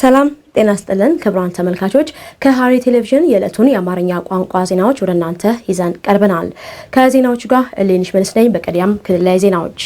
ሰላም ጤና ስጥልን ክቡራን ተመልካቾች፣ ከሐረሪ ቴሌቪዥን የዕለቱን የአማርኛ ቋንቋ ዜናዎች ወደ እናንተ ይዘን ቀርበናል። ከዜናዎቹ ጋር እሌንሽ መልስ ነኝ። በቀዲያም ክልላዊ ዜናዎች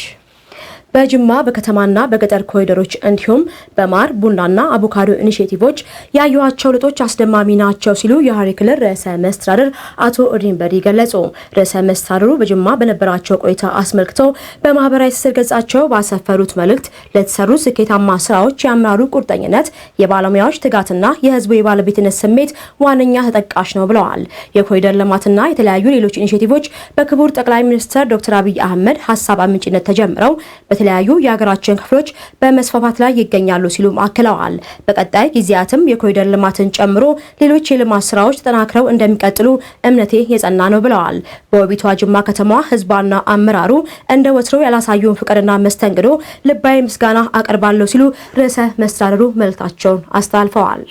በጅማ በከተማና በገጠር ኮሪደሮች እንዲሁም በማር ቡናና አቮካዶ ኢኒሼቲቮች ያዩዋቸው ለውጦች አስደማሚ ናቸው ሲሉ የሐረሪ ክልል ርዕሰ መስተዳድር አቶ ኦዲን ገለጹ። ርዕሰ መስተዳድሩ በጅማ በነበራቸው ቆይታ አስመልክተው በማህበራዊ ትስስር ገጻቸው ባሰፈሩት መልእክት ለተሰሩ ስኬታማ ስራዎች የአመራሩ ቁርጠኝነት፣ የባለሙያዎች ትጋትና የህዝቡ የባለቤትነት ስሜት ዋነኛ ተጠቃሽ ነው ብለዋል። የኮሪደር ልማትና የተለያዩ ሌሎች ኢኒሼቲቮች በክቡር ጠቅላይ ሚኒስትር ዶክተር አብይ አህመድ ሀሳብ አምንጭነት ተጀምረው በተለያዩ የሀገራችን ክፍሎች በመስፋፋት ላይ ይገኛሉ ሲሉም አክለዋል። በቀጣይ ጊዜያትም የኮሪደር ልማትን ጨምሮ ሌሎች የልማት ስራዎች ተጠናክረው እንደሚቀጥሉ እምነቴ የጸና ነው ብለዋል። በውቢቷ ጅማ ከተማ ህዝባና አመራሩ እንደ ወትሮ ያላሳዩን ፍቅርና መስተንግዶ ልባዊ ምስጋና አቀርባለሁ ሲሉ ርዕሰ መስተዳድሩ መልእክታቸውን አስተላልፈዋል።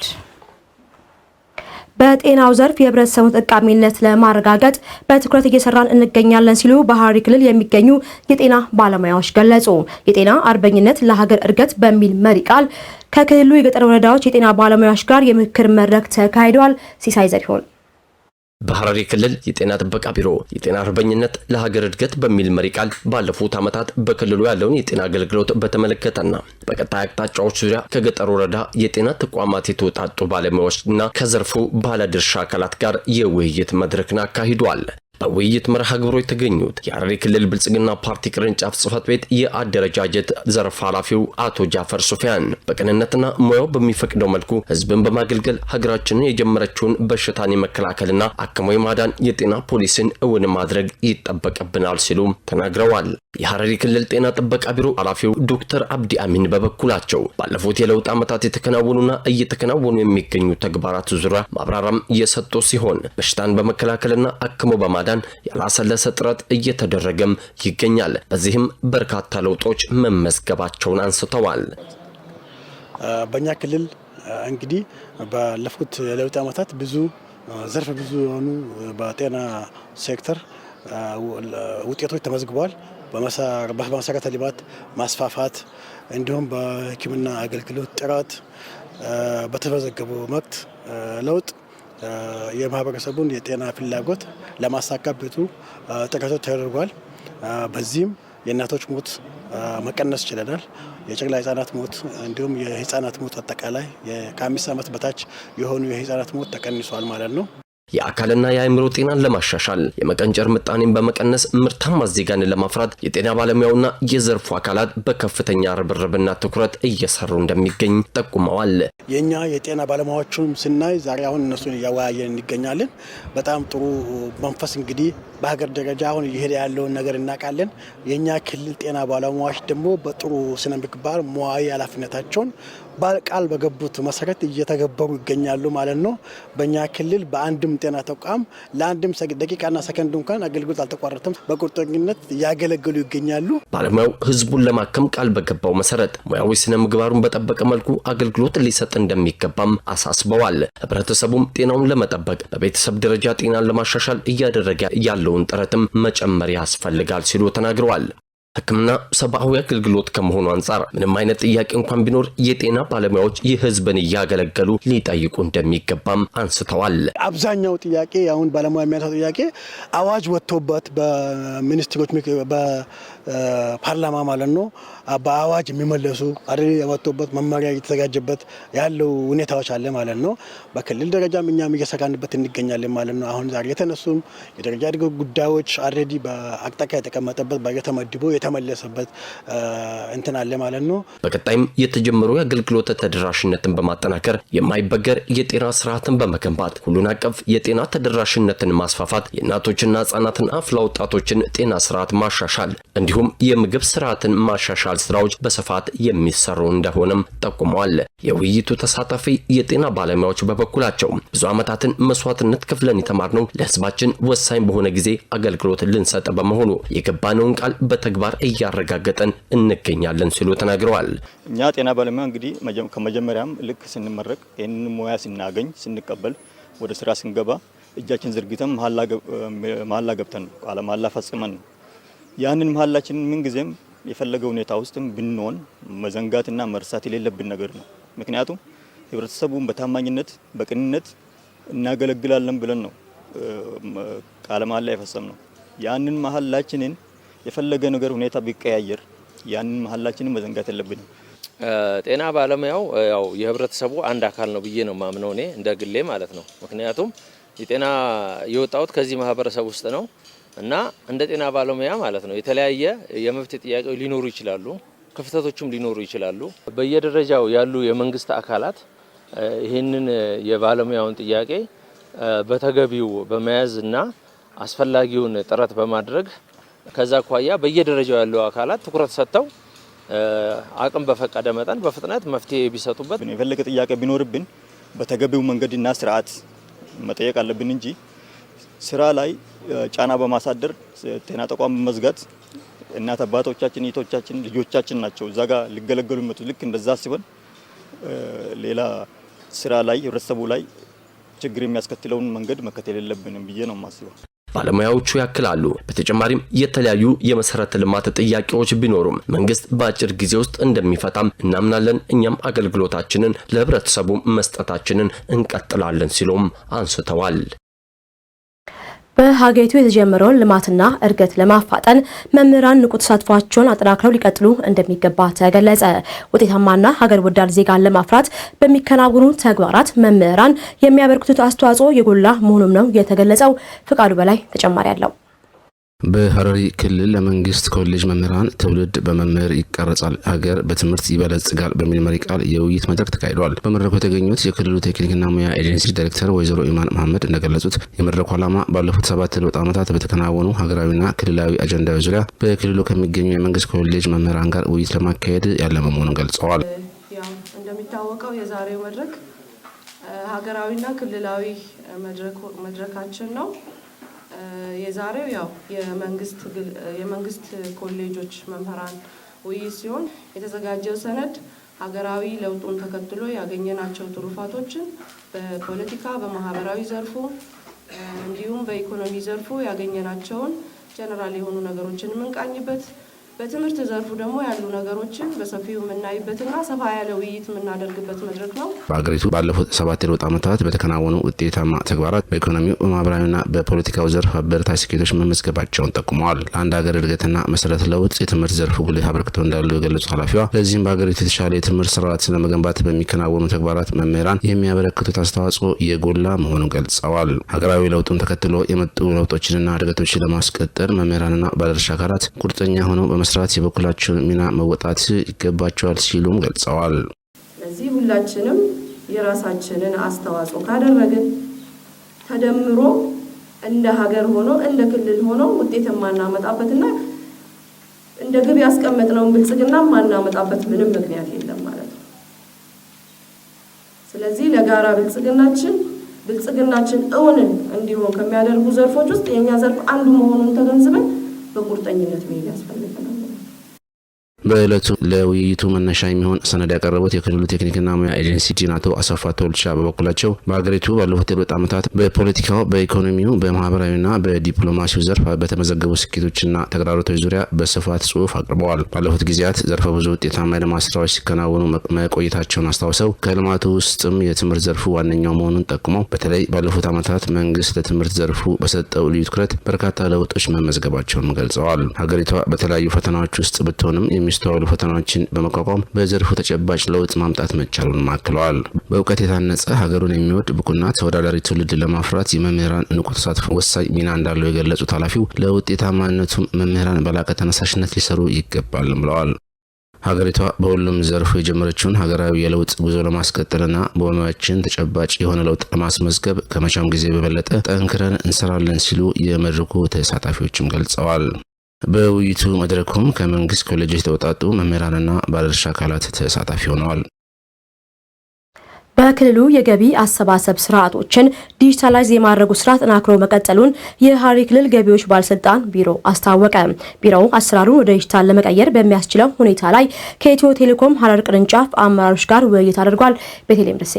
በጤናው ዘርፍ የህብረተሰቡን ተጠቃሚነት ለማረጋገጥ በትኩረት እየሰራን እንገኛለን ሲሉ በሐረሪ ክልል የሚገኙ የጤና ባለሙያዎች ገለጹ። የጤና አርበኝነት ለሀገር እድገት በሚል መሪ ቃል ከክልሉ የገጠር ወረዳዎች የጤና ባለሙያዎች ጋር የምክክር መድረክ ተካሂዷል። ሲሳይ ዘሪሁን በሐረሪ ክልል የጤና ጥበቃ ቢሮ የጤና አርበኝነት ለሀገር እድገት በሚል መሪ ቃል ባለፉት ዓመታት በክልሉ ያለውን የጤና አገልግሎት በተመለከተና በቀጣይ አቅጣጫዎች ዙሪያ ከገጠር ወረዳ የጤና ተቋማት የተወጣጡ ባለሙያዎችና ከዘርፉ ባለድርሻ አካላት ጋር የውይይት መድረክን አካሂዷል። በውይይት መርሃ ግብሮ የተገኙት የሐረሪ ክልል ብልጽግና ፓርቲ ቅርንጫፍ ጽህፈት ቤት የአደረጃጀት ዘርፍ ኃላፊው አቶ ጃፈር ሱፊያን በቅንነትና ሙያው በሚፈቅደው መልኩ ህዝብን በማገልገል ሀገራችንን የጀመረችውን በሽታን የመከላከልና አክሞ የማዳን የጤና ፖሊሲን እውን ማድረግ ይጠበቅብናል ሲሉ ተናግረዋል። የሐረሪ ክልል ጤና ጥበቃ ቢሮ ኃላፊው ዶክተር አብዲ አሚን በበኩላቸው ባለፉት የለውጥ ዓመታት የተከናወኑና እየተከናወኑ የሚገኙ ተግባራት ዙሪያ ማብራራም እየሰጡ ሲሆን በሽታን በመከላከልና አክሞ በማዳን ለማዳን ያላሰለሰ ጥረት እየተደረገም ይገኛል። በዚህም በርካታ ለውጦች መመዝገባቸውን አንስተዋል። በእኛ ክልል እንግዲህ ባለፉት የለውጥ ዓመታት ብዙ ዘርፍ ብዙ የሆኑ በጤና ሴክተር ውጤቶች ተመዝግበዋል። በመሰረተ ልማት ማስፋፋት እንዲሁም በሕክምና አገልግሎት ጥራት በተመዘገበ ወቅት ለውጥ የማህበረሰቡን የጤና ፍላጎት ለማሳካት ብዙ ጥረቶች ተደርጓል። በዚህም የእናቶች ሞት መቀነስ ችለናል። የጨቅላ ህጻናት ሞት እንዲሁም የህጻናት ሞት አጠቃላይ ከአምስት ዓመት በታች የሆኑ የህጻናት ሞት ተቀንሷል ማለት ነው። የአካልና የአእምሮ ጤናን ለማሻሻል የመቀንጨር ምጣኔን በመቀነስ ምርታማ ዜጋን ለማፍራት የጤና ባለሙያውና የዘርፉ አካላት በከፍተኛ ርብርብና ትኩረት እየሰሩ እንደሚገኝ ጠቁመዋል። የእኛ የጤና ባለሙያዎቹም ስናይ ዛሬ አሁን እነሱን እያወያየን እንገኛለን። በጣም ጥሩ መንፈስ እንግዲህ በሀገር ደረጃ አሁን እየሄደ ያለውን ነገር እናውቃለን። የእኛ ክልል ጤና ባለሙያዎች ደግሞ በጥሩ ስነ ምግባር መዋይ ኃላፊነታቸውን ቃል በገቡት መሰረት እየተገበሩ ይገኛሉ ማለት ነው። በእኛ ክልል በአንድም ጤና ተቋም ለአንድም ደቂቃና ሰከንድ እንኳን አገልግሎት አልተቋረጠም። በቁርጠኝነት እያገለገሉ ይገኛሉ። ባለሙያው ህዝቡን ለማከም ቃል በገባው መሰረት ሙያዊ ስነ ምግባሩን በጠበቀ መልኩ አገልግሎት ሊሰጥ እንደሚገባም አሳስበዋል። ህብረተሰቡም ጤናውን ለመጠበቅ በቤተሰብ ደረጃ ጤናን ለማሻሻል እያደረገ ያለውን ጥረትም መጨመር ያስፈልጋል ሲሉ ተናግረዋል። ህክምና ሰብአዊ አገልግሎት ከመሆኑ አንጻር ምንም አይነት ጥያቄ እንኳን ቢኖር የጤና ባለሙያዎች ይህ ህዝብን እያገለገሉ ሊጠይቁ እንደሚገባም አንስተዋል። አብዛኛው ጥያቄ አሁን ባለሙያ የሚያነሳው ጥያቄ አዋጅ ወጥቶበት በሚኒስትሮች ፓርላማ ማለት ነው በአዋጅ የሚመለሱ አደ የመቶበት መመሪያ እየተዘጋጀበት ያለው ሁኔታዎች አለ ማለት ነው። በክልል ደረጃም እኛም እየሰራንበት እንገኛለን ማለት ነው። አሁን ዛሬ የተነሱም የደረጃ ድገ ጉዳዮች አልሬዲ በአቅጣጫ የተቀመጠበት በየተመድቦ የተመለሰበት እንትን አለ ማለት ነው። በቀጣይም የተጀመሩ የአገልግሎት ተደራሽነትን በማጠናከር የማይበገር የጤና ስርዓትን በመገንባት ሁሉን አቀፍ የጤና ተደራሽነትን ማስፋፋት የእናቶችና ህጻናትን አፍላ ወጣቶችን ጤና ስርዓት ማሻሻል እንዲሁ እንዲሁም የምግብ ስርዓትን ማሻሻል ስራዎች በስፋት የሚሰሩ እንደሆነም ጠቁመዋል። የውይይቱ ተሳታፊ የጤና ባለሙያዎች በበኩላቸው ብዙ ዓመታትን መስዋዕትነት ከፍለን የተማርነው ለህዝባችን ወሳኝ በሆነ ጊዜ አገልግሎት ልንሰጥ በመሆኑ የገባነውን ቃል በተግባር እያረጋገጠን እንገኛለን ሲሉ ተናግረዋል። እኛ ጤና ባለሙያ እንግዲህ ከመጀመሪያም ልክ ስንመረቅ ይህንን ሙያ ስናገኝ ስንቀበል ወደ ስራ ስንገባ እጃችን ዘርግተን መሀላ ገብተን ነው ቃለ መሀላ ፈጽመን ነው ያንን መሀላችንን ምንጊዜም የፈለገ ሁኔታ ውስጥም ብንሆን መዘንጋትና መርሳት የሌለብን ነገር ነው። ምክንያቱም ህብረተሰቡን በታማኝነት በቅንነት እናገለግላለን ብለን ነው ቃለ መሃላ የፈጸም ነው። ያንን መሀላችንን የፈለገ ነገር ሁኔታ ቢቀያየር ያንን መሀላችንን መዘንጋት የለብንም። ጤና ባለሙያው ያው የህብረተሰቡ አንድ አካል ነው ብዬ ነው ማምነው እኔ እንደ ግሌ ማለት ነው። ምክንያቱም የጤና የወጣሁት ከዚህ ማህበረሰብ ውስጥ ነው። እና እንደ ጤና ባለሙያ ማለት ነው የተለያየ የመብት ጥያቄ ሊኖሩ ይችላሉ፣ ክፍተቶችም ሊኖሩ ይችላሉ። በየደረጃው ያሉ የመንግስት አካላት ይህንን የባለሙያውን ጥያቄ በተገቢው በመያዝ እና አስፈላጊውን ጥረት በማድረግ ከዛ አኳያ በየደረጃው ያሉ አካላት ትኩረት ሰጥተው አቅም በፈቀደ መጠን በፍጥነት መፍትሄ ቢሰጡበት የፈለገ ጥያቄ ቢኖርብን በተገቢው መንገድና ስርዓት መጠየቅ አለብን እንጂ ስራ ላይ ጫና በማሳደር ጤና ተቋም በመዝጋት እናት አባቶቻችን፣ እህቶቻችን፣ ልጆቻችን ናቸው እዛ ጋር ሊገለገሉ ይመጡ። ልክ እንደዛ ሲሆን ሌላ ስራ ላይ ህብረተሰቡ ላይ ችግር የሚያስከትለውን መንገድ መከተል የለብንም ብዬ ነው የማስበው። ባለሙያዎቹ ያክላሉ። በተጨማሪም የተለያዩ የመሰረተ ልማት ጥያቄዎች ቢኖሩም መንግስት በአጭር ጊዜ ውስጥ እንደሚፈታም እናምናለን። እኛም አገልግሎታችንን ለህብረተሰቡ መስጠታችንን እንቀጥላለን ሲሉም አንስተዋል። በሀገሪቱ የተጀመረውን ልማትና እድገት ለማፋጠን መምህራን ንቁ ተሳትፏቸውን አጠናክረው ሊቀጥሉ እንደሚገባ ተገለጸ። ውጤታማና ሀገር ወዳድ ዜጋን ለማፍራት በሚከናወኑ ተግባራት መምህራን የሚያበረክቱት አስተዋጽኦ የጎላ መሆኑም ነው የተገለጸው። ፍቃዱ በላይ ተጨማሪ አለው። በሀረሪ ክልል ለመንግስት ኮሌጅ መምህራን ትውልድ በመምህር ይቀረጻል፣ ሀገር በትምህርት ይበለጽጋል በሚል መሪ ቃል የውይይት መድረክ ተካሂዷል። በመድረኩ የተገኙት የክልሉ ቴክኒክና ሙያ ኤጀንሲ ዳይሬክተር ወይዘሮ ኢማን መሐመድ እንደገለጹት የመድረኩ ዓላማ ባለፉት ሰባት ለውጥ ዓመታት በተከናወኑ ሀገራዊና ክልላዊ አጀንዳዎች ዙሪያ በክልሉ ከሚገኙ የመንግስት ኮሌጅ መምህራን ጋር ውይይት ለማካሄድ ያለመ መሆኑን ገልጸዋል። እንደሚታወቀው የዛሬው መድረክ ሀገራዊና ክልላዊ መድረካችን ነው። የዛሬው ያው የመንግስት ኮሌጆች መምህራን ውይይት ሲሆን የተዘጋጀው ሰነድ ሀገራዊ ለውጡን ተከትሎ ያገኘናቸው ትሩፋቶችን በፖለቲካ በማህበራዊ ዘርፉ እንዲሁም በኢኮኖሚ ዘርፉ ያገኘናቸውን ጀነራል የሆኑ ነገሮችን የምንቃኝበት በትምህርት ዘርፉ ደግሞ ያሉ ነገሮችን በሰፊው የምናይበትና ሰፋ ያለ ውይይት የምናደርግበት መድረክ ነው። በሀገሪቱ ባለፉት ሰባት የለውጥ ዓመታት በተከናወኑ ውጤታማ ተግባራት በኢኮኖሚው በማህበራዊና በፖለቲካው ዘርፍ አበረታች ስኬቶች መመዝገባቸውን ጠቁመዋል። ለአንድ ሀገር እድገትና መሰረተ ለውጥ የትምህርት ዘርፍ ጉልህ አበርክቶ እንዳሉ የገለጹ ኃላፊዋ ለዚህም በሀገሪቱ የተሻለ የትምህርት ስርዓት ለመገንባት በሚከናወኑ ተግባራት መምህራን የሚያበረክቱት አስተዋጽኦ የጎላ መሆኑ ገልጸዋል። ሀገራዊ ለውጡን ተከትሎ የመጡ ለውጦችንና እድገቶችን ለማስቀጠል መምህራንና ባለድርሻ አካላት ቁርጠኛ ሆነው በመስራት የበኩላቸውን ሚና መወጣት ይገባቸዋል ሲሉም ገልጸዋል። ስለዚህ ሁላችንም የራሳችንን አስተዋጽኦ ካደረግን ተደምሮ እንደ ሀገር ሆኖ እንደ ክልል ሆኖ ውጤት የማናመጣበትና እንደ ግብ ያስቀመጥነውን ብልጽግና የማናመጣበት ምንም ምክንያት የለም ማለት ነው። ስለዚህ ለጋራ ብልጽግናችን ብልጽግናችን እውንን እንዲሆን ከሚያደርጉ ዘርፎች ውስጥ የእኛ ዘርፍ አንዱ መሆኑን ተገንዝበን በቁርጠኝነት መሄድ ያስፈልገናል። በዕለቱ ለውይይቱ መነሻ የሚሆን ሰነድ ያቀረቡት የክልሉ ቴክኒክና ሙያ ኤጀንሲ ዲን አቶ አሰፋ ቶልቻ በበኩላቸው በሀገሪቱ ባለፉት የለውጥ ዓመታት በፖለቲካው፣ በኢኮኖሚው፣ በማህበራዊና በዲፕሎማሲው ዘርፍ በተመዘገቡ ስኬቶችና ተግዳሮቶች ዙሪያ በስፋት ጽሑፍ አቅርበዋል። ባለፉት ጊዜያት ዘርፈ ብዙ ውጤታማ የልማት ስራዎች ሲከናወኑ መቆየታቸውን አስታውሰው ከልማቱ ውስጥም የትምህርት ዘርፉ ዋነኛው መሆኑን ጠቁመው በተለይ ባለፉት ዓመታት መንግስት ለትምህርት ዘርፉ በሰጠው ልዩ ትኩረት በርካታ ለውጦች መመዝገባቸውን ገልጸዋል። ሀገሪቷ በተለያዩ ፈተናዎች ውስጥ ብትሆንም የሚ የሚስተዋሉ ፈተናዎችን በመቋቋም በዘርፉ ተጨባጭ ለውጥ ማምጣት መቻሉን አክለዋል። በእውቀት የታነጸ ሀገሩን የሚወድ ብቁና ተወዳዳሪ ትውልድ ለማፍራት የመምህራን ንቁ ተሳትፎ ወሳኝ ሚና እንዳለው የገለጹት ኃላፊው ለውጤታማነቱም መምህራን በላቀ ተነሳሽነት ሊሰሩ ይገባል ብለዋል። ሀገሪቷ በሁሉም ዘርፉ የጀመረችውን ሀገራዊ የለውጥ ጉዞ ለማስቀጠልና በሙያችን ተጨባጭ የሆነ ለውጥ ለማስመዝገብ ከመቻም ጊዜ በበለጠ ጠንክረን እንሰራለን ሲሉ የመድረኩ ተሳታፊዎችም ገልጸዋል። በውይይቱ መድረኩም ከመንግስት ኮሌጆች የተውጣጡ መምህራንና ባለድርሻ አካላት ተሳታፊ ሆነዋል። በክልሉ የገቢ አሰባሰብ ስርዓቶችን ዲጂታላይዝ የማድረጉ ስራ ተጠናክሮ መቀጠሉን የሐረሪ ክልል ገቢዎች ባለስልጣን ቢሮ አስታወቀ። ቢሮው አሰራሩን ወደ ዲጂታል ለመቀየር በሚያስችለው ሁኔታ ላይ ከኢትዮ ቴሌኮም ሐረር ቅርንጫፍ አመራሮች ጋር ውይይት አድርጓል። ቤተልሔም ደሴ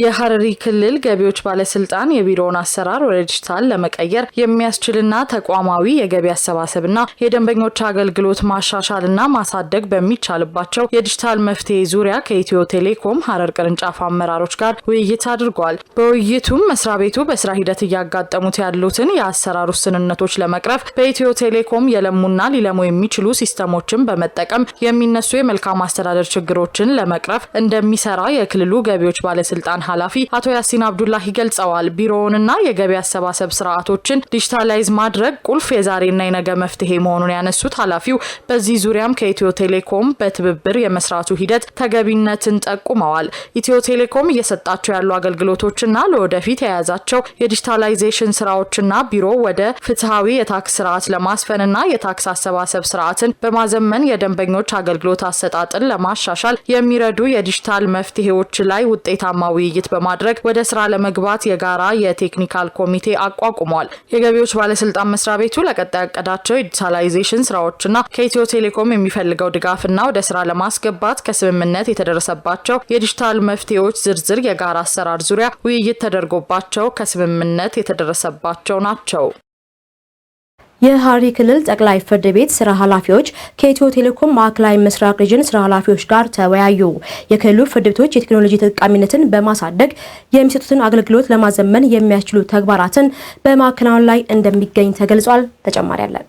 የሐረሪ ክልል ገቢዎች ባለስልጣን የቢሮውን አሰራር ወደ ዲጂታል ለመቀየር የሚያስችልና ተቋማዊ የገቢ አሰባሰብና የደንበኞች አገልግሎት ማሻሻልና ማሳደግ በሚቻልባቸው የዲጂታል መፍትሄ ዙሪያ ከኢትዮ ቴሌኮም ሐረር ቅርንጫፍ አመራሮች ጋር ውይይት አድርጓል። በውይይቱም መስሪያ ቤቱ በስራ ሂደት እያጋጠሙት ያሉትን የአሰራር ውስንነቶች ለመቅረፍ በኢትዮ ቴሌኮም የለሙና ሊለሙ የሚችሉ ሲስተሞችን በመጠቀም የሚነሱ የመልካም አስተዳደር ችግሮችን ለመቅረፍ እንደሚሰራ የክልሉ ገቢዎች ባለስልጣን ባለስልጣን ኃላፊ አቶ ያሲን አብዱላሂ ገልጸዋል። ቢሮውንና የገቢ አሰባሰብ ስርዓቶችን ዲጂታላይዝ ማድረግ ቁልፍ የዛሬና የነገ መፍትሄ መሆኑን ያነሱት ኃላፊው በዚህ ዙሪያም ከኢትዮ ቴሌኮም በትብብር የመስራቱ ሂደት ተገቢነትን ጠቁመዋል። ኢትዮ ቴሌኮም እየሰጣቸው ያሉ አገልግሎቶችና ለወደፊት የያዛቸው የዲጂታላይዜሽን ስራዎችና ቢሮ ወደ ፍትሐዊ የታክስ ስርዓት ለማስፈንና የታክስ አሰባሰብ ስርዓትን በማዘመን የደንበኞች አገልግሎት አሰጣጥን ለማሻሻል የሚረዱ የዲጂታል መፍትሄዎች ላይ ውጤታማ ውይይት ውይይት በማድረግ ወደ ስራ ለመግባት የጋራ የቴክኒካል ኮሚቴ አቋቁሟል። የገቢዎች ባለስልጣን መስሪያ ቤቱ ለቀጣይ ያቀዳቸው የዲጂታላይዜሽን ስራዎችና ከኢትዮ ቴሌኮም የሚፈልገው ድጋፍና ወደ ስራ ለማስገባት ከስምምነት የተደረሰባቸው የዲጂታል መፍትሄዎች ዝርዝር የጋራ አሰራር ዙሪያ ውይይት ተደርጎባቸው ከስምምነት የተደረሰባቸው ናቸው። የሐረሪ ክልል ጠቅላይ ፍርድ ቤት ስራ ኃላፊዎች ከኢትዮ ቴሌኮም ማዕከላዊ ምስራቅ ሪጅን ስራ ኃላፊዎች ጋር ተወያዩ። የክልሉ ፍርድ ቤቶች የቴክኖሎጂ ተጠቃሚነትን በማሳደግ የሚሰጡትን አገልግሎት ለማዘመን የሚያስችሉ ተግባራትን በማከናወን ላይ እንደሚገኝ ተገልጿል። ተጨማሪ አለን።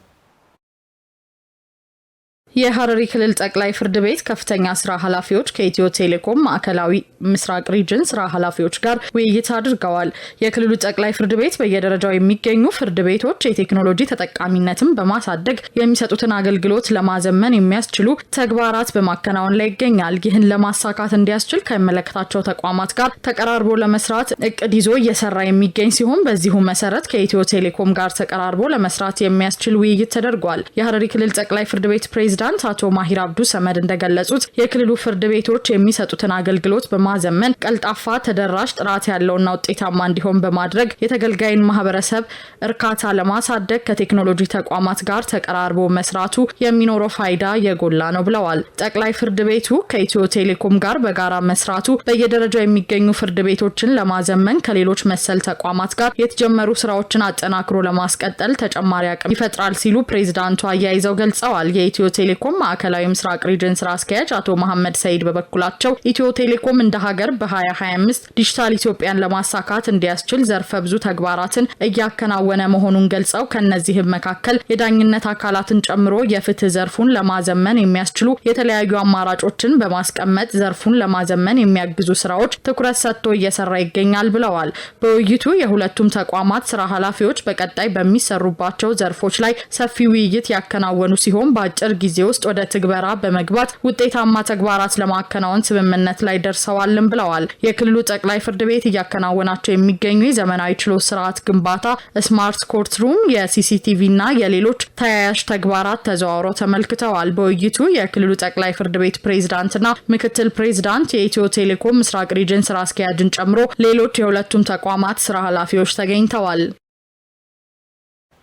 የሐረሪ ክልል ጠቅላይ ፍርድ ቤት ከፍተኛ ስራ ኃላፊዎች ከኢትዮ ቴሌኮም ማዕከላዊ ምስራቅ ሪጅን ስራ ኃላፊዎች ጋር ውይይት አድርገዋል። የክልሉ ጠቅላይ ፍርድ ቤት በየደረጃው የሚገኙ ፍርድ ቤቶች የቴክኖሎጂ ተጠቃሚነትን በማሳደግ የሚሰጡትን አገልግሎት ለማዘመን የሚያስችሉ ተግባራት በማከናወን ላይ ይገኛል። ይህን ለማሳካት እንዲያስችል ከሚመለከታቸው ተቋማት ጋር ተቀራርቦ ለመስራት እቅድ ይዞ እየሰራ የሚገኝ ሲሆን በዚሁ መሰረት ከኢትዮ ቴሌኮም ጋር ተቀራርቦ ለመስራት የሚያስችል ውይይት ተደርጓል። የሐረሪ ክልል ጠቅላይ ፍርድ ቤት ፕሬዚዳንት ፕሬዝዳንት አቶ ማሂር አብዱ ሰመድ እንደገለጹት የክልሉ ፍርድ ቤቶች የሚሰጡትን አገልግሎት በማዘመን ቀልጣፋ፣ ተደራሽ፣ ጥራት ያለውና ውጤታማ እንዲሆን በማድረግ የተገልጋይን ማህበረሰብ እርካታ ለማሳደግ ከቴክኖሎጂ ተቋማት ጋር ተቀራርቦ መስራቱ የሚኖረው ፋይዳ የጎላ ነው ብለዋል። ጠቅላይ ፍርድ ቤቱ ከኢትዮ ቴሌኮም ጋር በጋራ መስራቱ በየደረጃው የሚገኙ ፍርድ ቤቶችን ለማዘመን ከሌሎች መሰል ተቋማት ጋር የተጀመሩ ስራዎችን አጠናክሮ ለማስቀጠል ተጨማሪ አቅም ይፈጥራል ሲሉ ፕሬዚዳንቱ አያይዘው ገልጸዋል። የኢትዮ ቴሌ ቴሌኮም ማዕከላዊ ምስራቅ ሪጅን ስራ አስኪያጅ አቶ መሐመድ ሰይድ በበኩላቸው ኢትዮ ቴሌኮም እንደ ሀገር በ2025 ዲጂታል ኢትዮጵያን ለማሳካት እንዲያስችል ዘርፈ ብዙ ተግባራትን እያከናወነ መሆኑን ገልጸው ከእነዚህም መካከል የዳኝነት አካላትን ጨምሮ የፍትህ ዘርፉን ለማዘመን የሚያስችሉ የተለያዩ አማራጮችን በማስቀመጥ ዘርፉን ለማዘመን የሚያግዙ ስራዎች ትኩረት ሰጥቶ እየሰራ ይገኛል ብለዋል። በውይይቱ የሁለቱም ተቋማት ስራ ኃላፊዎች በቀጣይ በሚሰሩባቸው ዘርፎች ላይ ሰፊ ውይይት ያከናወኑ ሲሆን በአጭር ጊዜ ውስጥ ወደ ትግበራ በመግባት ውጤታማ ተግባራት ለማከናወን ስምምነት ላይ ደርሰዋልም ብለዋል። የክልሉ ጠቅላይ ፍርድ ቤት እያከናወናቸው የሚገኙ የዘመናዊ ችሎት ስርዓት ግንባታ፣ ስማርት ኮርት ሩም፣ የሲሲቲቪ እና የሌሎች ተያያዥ ተግባራት ተዘዋውረው ተመልክተዋል። በውይይቱ የክልሉ ጠቅላይ ፍርድ ቤት ፕሬዝዳንትና ምክትል ፕሬዝዳንት የኢትዮ ቴሌኮም ምስራቅ ሪጅን ስራ አስኪያጅን ጨምሮ ሌሎች የሁለቱም ተቋማት ስራ ኃላፊዎች ተገኝተዋል።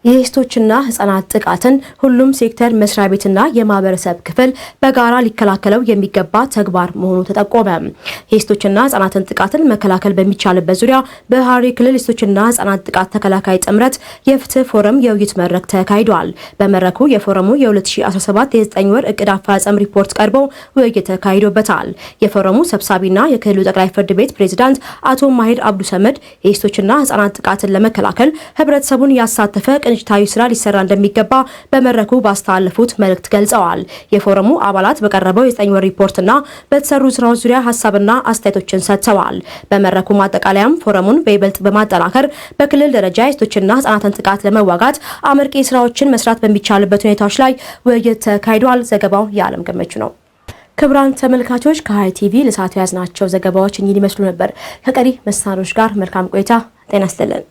የሴቶችና ህጻናት ጥቃትን ሁሉም ሴክተር መስሪያ ቤትና የማህበረሰብ ክፍል በጋራ ሊከላከለው የሚገባ ተግባር መሆኑ ተጠቆመ። የሴቶችና ህጻናትን ጥቃትን መከላከል በሚቻልበት ዙሪያ በሐረሪ ክልል የሴቶችና ህጻናት ጥቃት ተከላካይ ጥምረት የፍትህ ፎረም የውይይት መድረክ ተካሂዷል። በመድረኩ የፎረሙ የ2017 የ9 ወር እቅድ አፈጻጸም ሪፖርት ቀርቦ ውይይት ተካሂዶበታል። የፎረሙ ሰብሳቢና የክልሉ ጠቅላይ ፍርድ ቤት ፕሬዚዳንት አቶ ማሄድ አብዱ ሰመድ የሴቶችና ህጻናት ጥቃትን ለመከላከል ህብረተሰቡን ያሳተፈ ቅንጅታዊ ስራ ሊሰራ እንደሚገባ በመድረኩ ባስተላለፉት መልእክት ገልጸዋል። የፎረሙ አባላት በቀረበው የዘጠኝ ወር ሪፖርትና በተሰሩ ስራዎች ዙሪያ ሀሳብና አስተያየቶችን ሰጥተዋል። በመድረኩ ማጠቃለያም ፎረሙን በይበልጥ በማጠናከር በክልል ደረጃ የሴቶችና ህጻናትን ጥቃት ለመዋጋት አመርቂ ስራዎችን መስራት በሚቻልበት ሁኔታዎች ላይ ውይይት ተካሂዷል። ዘገባው የዓለም ገመች ነው። ክቡራን ተመልካቾች ከሀይ ቲቪ ለሰዓቱ የያዝናቸው ዘገባዎች እኚህ ይመስሉ ነበር። ከቀሪ መሰናዶች ጋር መልካም ቆይታ። ጤና ይስጥልን።